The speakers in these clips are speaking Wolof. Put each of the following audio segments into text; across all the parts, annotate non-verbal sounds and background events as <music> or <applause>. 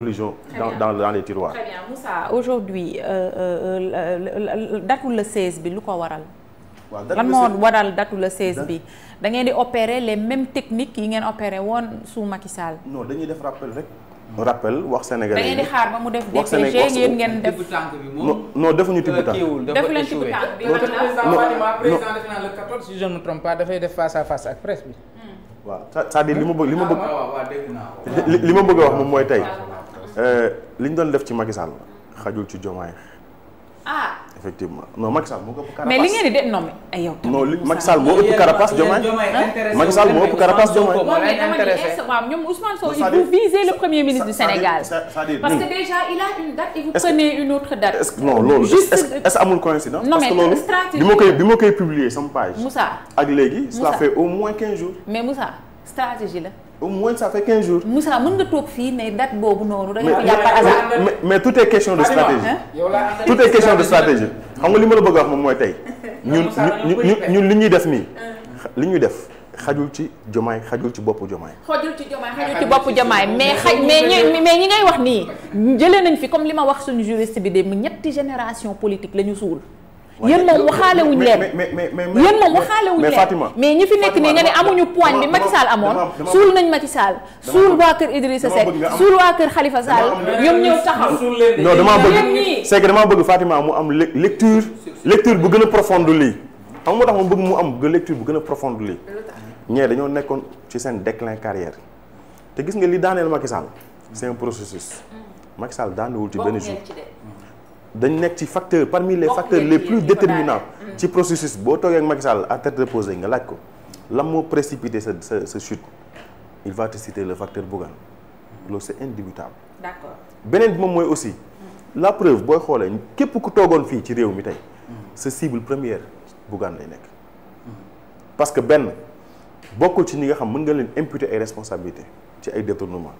religion dans, dans, dans les tiroirs. Très bien Moussa aujourd'hui datu la 16 bi lu ko waral. waaw datu la 16 lan moo waral datu la 16 bi. da ngeen di opérer les même techniques yi ngeen opérer woon sous Macky Sall. non dañuy def rappel rek. rappel wax sénégalais yi da ngeen di xaar ba mu def. wax sénégalais ngeen ngeen def tibb tànk bi moom. non defuñu tibb euh, tànk def leen tibb tànk def naa le 14 si je ne me dafay def face à face ak presse bi. waaw cest dire li ma bëgg li ma ah, bëgg. li ma bëgg wax moom mooy tey. Euh, li ñu doon def ci Macky Sall ci Diomaye. ah effectivement non Macky Sall li ngeen de non mais yow. non li Macky Sall moo ëpp carapace Diomaye. Macky Sall moo ëpp carapace Diomaye. moom mais dama ni est ñoom Ousmane Sow il vous visez le premier ministre du Sénégal. parce que hmm. déjà il a une date et vous prenez a autre date. est ce non loolu est ce amul li non mais stratégie bi ma koy bi ma koy publier sama page. Moussa ak léegi. Moussa cela fait au moins 15 jours. mais Moussa la. au moins ça fait 15 jours. Moussa mën nga toog fii ne date boobu noonu. da nga ko jàpp par hasard question de stratégie. tout est question de stratégie. xam nga li ma la bëgg a wax moom mooy tey. <laughs> ñun ñun li ñuy def nii. li ñuy def xajul ci jomaay xajul ci boppu jomaay. xajul ci jomaay xajul ci boppu jomaay mais xaj mais ñi mais ñi ngay wax nii jëlee nañ fi comme li ma wax suñu juriste bi de mu ñetti génération politique la ñu suul. yéen moom waxaale wuñ leen yéen moom waxaale wuñ leen mais ñi fi nekk nii nga ne amuñu poigne bi Macky Sall amoon suul nañ Macky Sall suul waa kër Idrissa Seck suul waa kër Khalifa Sall ñoom ñëw taxaw non bëgg c'est mu am lecture lecture bu gën a profond lii xam moo tax ma bëgg mu am lecture bu gën a profonde lii ñee dañoo nekkoon ci seen déclin carrière te gis nga li daaneel Macky Sall c'est processus Macky Sall daanewul ci benn jour dañu nekk ci facteur parmi les facteurs les plus déterminants ci processus boo toogee ak Macky Sall à tête reposée nga laaj ko lan moo précipité sa sa sa chute il va te citer le facteur Bougane loolu c'est indubitable. beneen bi moom mooy aussi mm. la preuve booy xoolee képp ku toogoon fii ci réew mi tey mm. sa cible première Bougane lay nekk parce que benn bokkul ci ñi nga xam mën nga leen imputer ay responsabilité ci ay détournement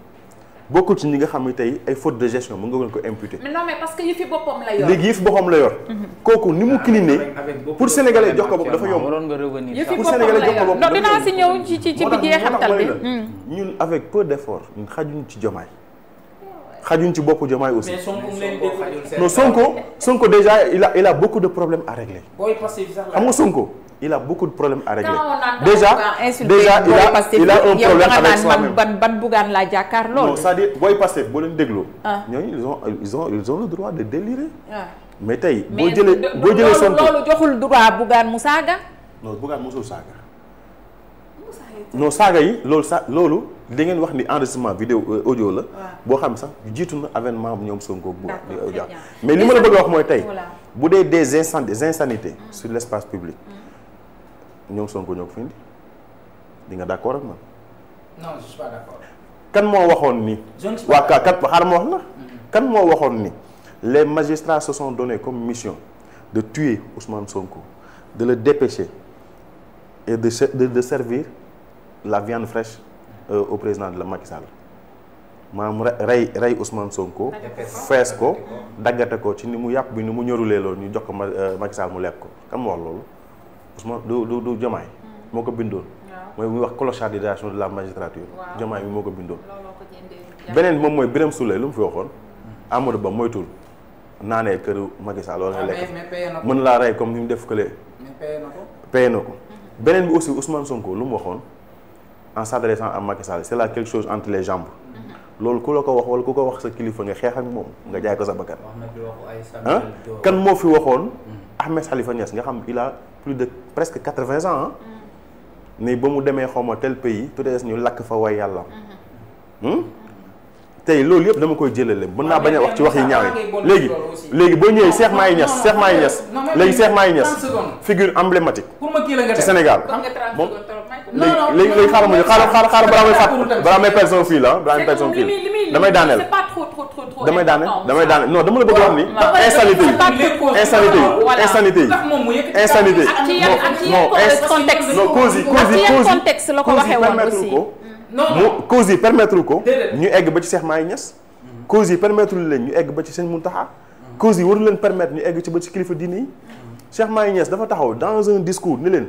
bokkul ci ñi nga xam ne tey ay faute de gestion mën nga leen ko imputer. parce que yëfi boppam la yor. léegi yëfi boppam la yor. Mhm. kooku ni mu ah, cliner. pour sénégalais jox ko bopp dafa yomb. waroon nga revenir sax pour sénégalais jox ko bopp. non dinaa si ñëw ci ci bi jeexantal bi. Hmm. ñun avec peu d'effort xajuñ ci jomaay xajuñ ci boppu Diomaye aussi. mais Sonko non Sonko Sonko déjà il a il a beaucoup de problèm à régler. xam nga Sonko il a beaucoup de problèmes à régler. déjà déjà il a il a un problème avec soi-même ban ban bugaan laa jàkkaar loolu. non c'est-à-dire booy Pastef boo leen dégloo. Ah. ñooñu ils ont ils ont ils ont le droit de délirer. Ah. mais tey boo jëlee boo jëlee Sonko mais loolu joxul droit mu saaga. non bugaan musul saaga. non saaga yi loolu sa loolu li ngeen wax ni enregistrement vidéo euh, audio la. boo xam sax jiitu na avènement bu ñoom Sonko bu euh, mais li ma la bëgg wax mooy tey bu dee des insan des insanités mm. sur l' espace public mm. ñoom Sonko ñoo ko fi indi di nga d' accord ak man. kan moo waxoon ni. waa kat kat xaaral ma wax na. Mm-hmm. kan moo waxoon ni les magistrats se sont donnés comme mission de tuer Ousmane Sonko de le dépêcher et de de servir. la viande fraîche euh, au président de la Macky Sall maanaam rey rey Ousmane Sonko. fees ko daggate ko ci ni mu yàpp bi ni mu ñorulee loolu ñu jox ko euh, Macky Sall mu lekk ko kan mu wax loolu Ousmane du du du moo ko bindoon. mooy muy wax clochardisation de la magistrature. waaw Diomaye bi moo ko bindoon. beneen moom mooy Birame Souleye lu mu fi waxoon. Amadou Ba moytul naanee këru Macky Sall wala nga ah, lekk mën laa rey comme ni mu def kële. mais na ko. beneen bi aussi Ousmane Sonko lu mu waxoon. en s'adressant à Macky Sall c'est là quelque chose entre les jambes loolu ku la ko wax wala ku ko wax sa kilifa nga xeex ak moom nga jaay ko sa bakkan ah kan moo fi waxoon hmm. Ahmed Khalifa Niass nga xam il a plus de presque quatre-vingts ans hmm. ni ba mu demee xawma tel pays peut-être ñu lakk fa way yàlla hmm. tey loolu yëpp dama koy jëlale mën naa bañ a wax ci wax yi ñaaw yi léegi léegi boo ñëwee Cheikh Mahi Niass Cheikh Mahi ñas léegi Cheikh Mahi Niass figure emblématique ci Sénégal moom non léegi léegi xaaral ma ñu xaaral xaaral balaa may fàtt balaa may ah, balaa may personne fii damay daaneel damay daaneel damay dama la bëgg wax ni insanité yi insanité yi insanité yi insanité non contexte non cause yi cause yi cause yi permettre ko cause yi permettre ko ñu egg ba ci Cheikh Mahi Niass cause yi permettre leen ñu egg ba ci Serigne Mountakha cause yi waru leen permettre ñu egg ci ba ci kilifa diine yi Cheikh Mahi Niass dafa taxaw dans un discours ni leen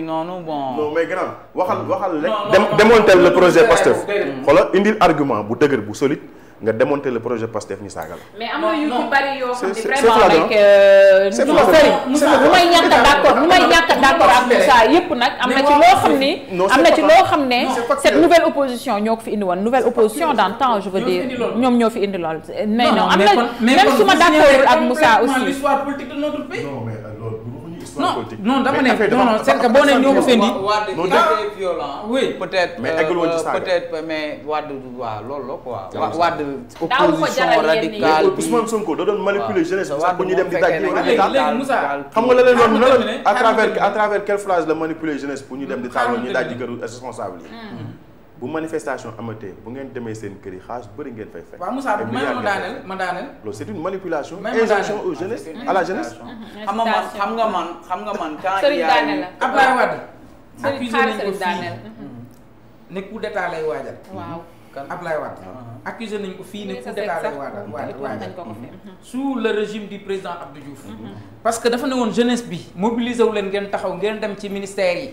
yooyu noonu bon. non mais grand waxal mm. waxal rek. dem démonter le projet Pastef. xoolal indil argument bu dëgër bu solide. nga démonter le projet Pastef ñu saaga la. mais am na yu bari yoo xam ne vraiment rek. c'est euh, a a d'accord ak Moussa yëpp nag am na ci loo xam ne. am nouvelle opposition ñoo fi indi nouvelle opposition dans le temps je veux dire ñoom ñoo fi indi mais non am na même su d'accord ak Moussa aussi. histoire politique. non non dama ne non non c'est que boo nee ñoo ko fendi. oui peut-être. mais euh, eggul a ci saaga peut-être euh, mais Wade waaw loolu la quoi. Wade opposition radicale bi Ousmane Sonko da doon manipuler jeunesse sax pour ñu dem di daj. léegi Moussa xam nga la leen doon na à travers à travers la manipuler jeunesse pour ñu dem di taal ñu daj di këru responsable yi hmm. bu manifestation amatee bu ngeen demee seen kër yi xaalis bëri ngeen fay fekk. waaw Moussa man ma daaneel ma daaneel. loolu c'est une manipulation. injonction aux jeunesse ah, à la jeunesse. Mm-hmm. xam nga man xam nañ ko fii mm-hmm. ne coup d'état lay waajal. waaw mm-hmm. kan Abdoulaye Wade. Uh-huh. accusé ko fii ne coup d'état waajal waajal. sous régime du président Abdou Diouf. parce que dafa ne woon jeunesse bi mobiliser wu leen ngeen taxaw ngeen dem ci ministère yi.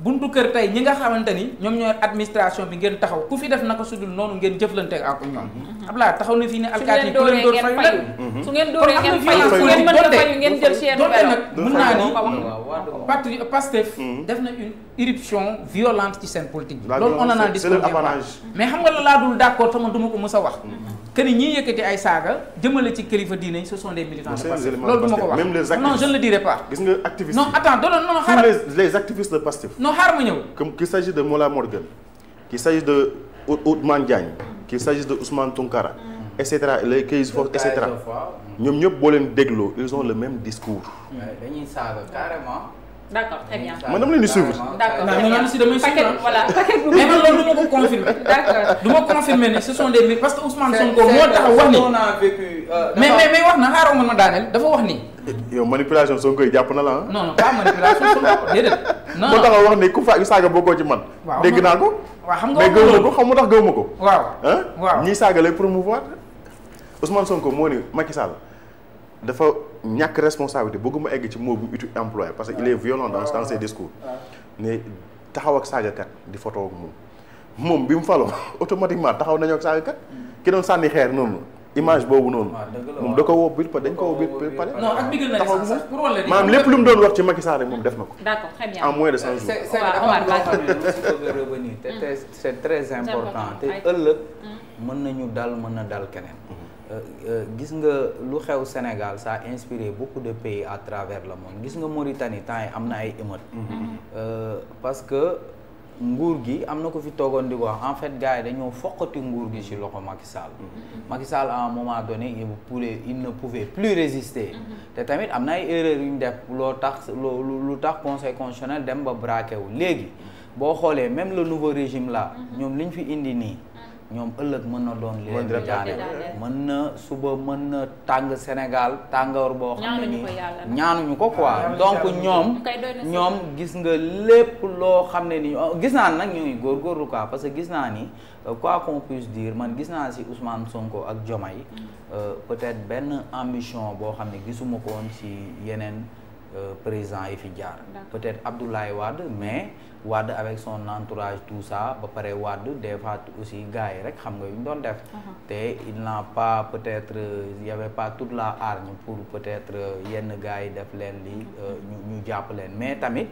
buntu kër tey ñi nga xamante ni ñoom ñooy administration bi ngeen taxaw ku fi def na naka sudul noonu ngeen jëflante ak ñoom mhm. Abdoulaye taxaw na fii ne alkaati mhm. su ngeen dooree ngeen ngeen mën a fayu ngeen jël seen donte nag mën naa ni parti Pastef mhm. def na une irruption violente ci seen politique bi loolu on en a mais xam nga la laa dul d'accord sama duma ko mës a wax que ñii ñiy yëkkati ay saaga jëmale ci kilifa diine yi ce sont des militants de même les activistes non je ne le dirai pas. gis nga activistes non attends non non xaaral tous les les activistes de Pastef. non xaaral ma ñëw. comme qu'il s'agit de Mola Morgan qu'il s'agit de Ousmane Diagne qu'il s'agit de Ousmane Tounkara et cetera les Kayz Fof et cetera ñoom ñëpp boo leen dégloo ils ont le même discours. dañuy saaga carrément. d' accord très bien. man dama leen di suivre. d' accord très bien si damay suivre paquet voilà paquet bu mais man loolu du ma ko d' accord du ma confirmer ne ce sont des parce moo tax wax ni euh, mais mais wax na xaaral ma ma daaneel dafa wax ni. yow manipulation Sonko yi jàpp na la ah. non non pas manipulation tax wax ni ku fa saaga bokkoo ci man. dégg naa ko. waaw xam nga mais gëw ma ko xam mu tax gëw ma ko. waaw waaw ñii saaga lay promouvoir Ousmane Sonko moo ni Macky Sall dafa. ñàkk responsabilité bëgguma egg ci mot bu uti employé parce que il est violent dans dans ses discours ne taxaw ak saagakat di photo ak moom moom bi mu falo automatiquement taxaw nañoo ak saagakat ki doon sànni xeer noonu image boobu noonu moom da ko woo biir dañ ko woo biir pare taxaw moom maanaam lépp lu mu doon wax ci Macky Sall moom def na ko d'accord très bien en de cent jours très important te ëllëg mën nañu dal mën na dal keneen Euh, euh, gis nga lu xew Sénégal sax a inspiré beaucoup de pays à travers le monde gis nga Mauritanie temps am na ay émeute mm-hmm. mm-hmm. euh, parce que nguur gi am na ko fi toogoon di wax en fait gars dañoo foqati nguur gi ci loxo Macky Sall. Mm-hmm. Macky Sall à un moment donné il pouvait il ne pouvait te tamit am na ay erreurs yu ñu def loo tax loo lu tax conseil constitutionnel dem ba braqué wu léegi boo xoolee même le nouveau régime là ñoom li ñu fi indi nii. ñoom ëllëg mën na doon li leen mën na suba mën na tàng Sénégal tàngoor boo xam ne nii ñaanuñu ko quoi donc ñoom ñoom gis nga lépp loo xam ne ni oh, gis naa nag ñooy góorgóorlu quoi parce que gis naa ni euh, quoi qu'on puisse dire man gis naa si Ousmane Sonko ak Diomaye mm. euh, peut-être benn ambition boo xam ne gisuma ko woon si yeneen Euh, président yi fi jaar peut-être Abdoulaye Wade mais Wade avec son entourage tout ça ba pare Wade des fois aussi gars yi rek xam nga yu ñu doon def uh-huh. te il n'a pas peut-être il euh, y avait pas toute la hargne pour peut-être euh, yenn gars yi def leen li ñu jàpp leen mais tamit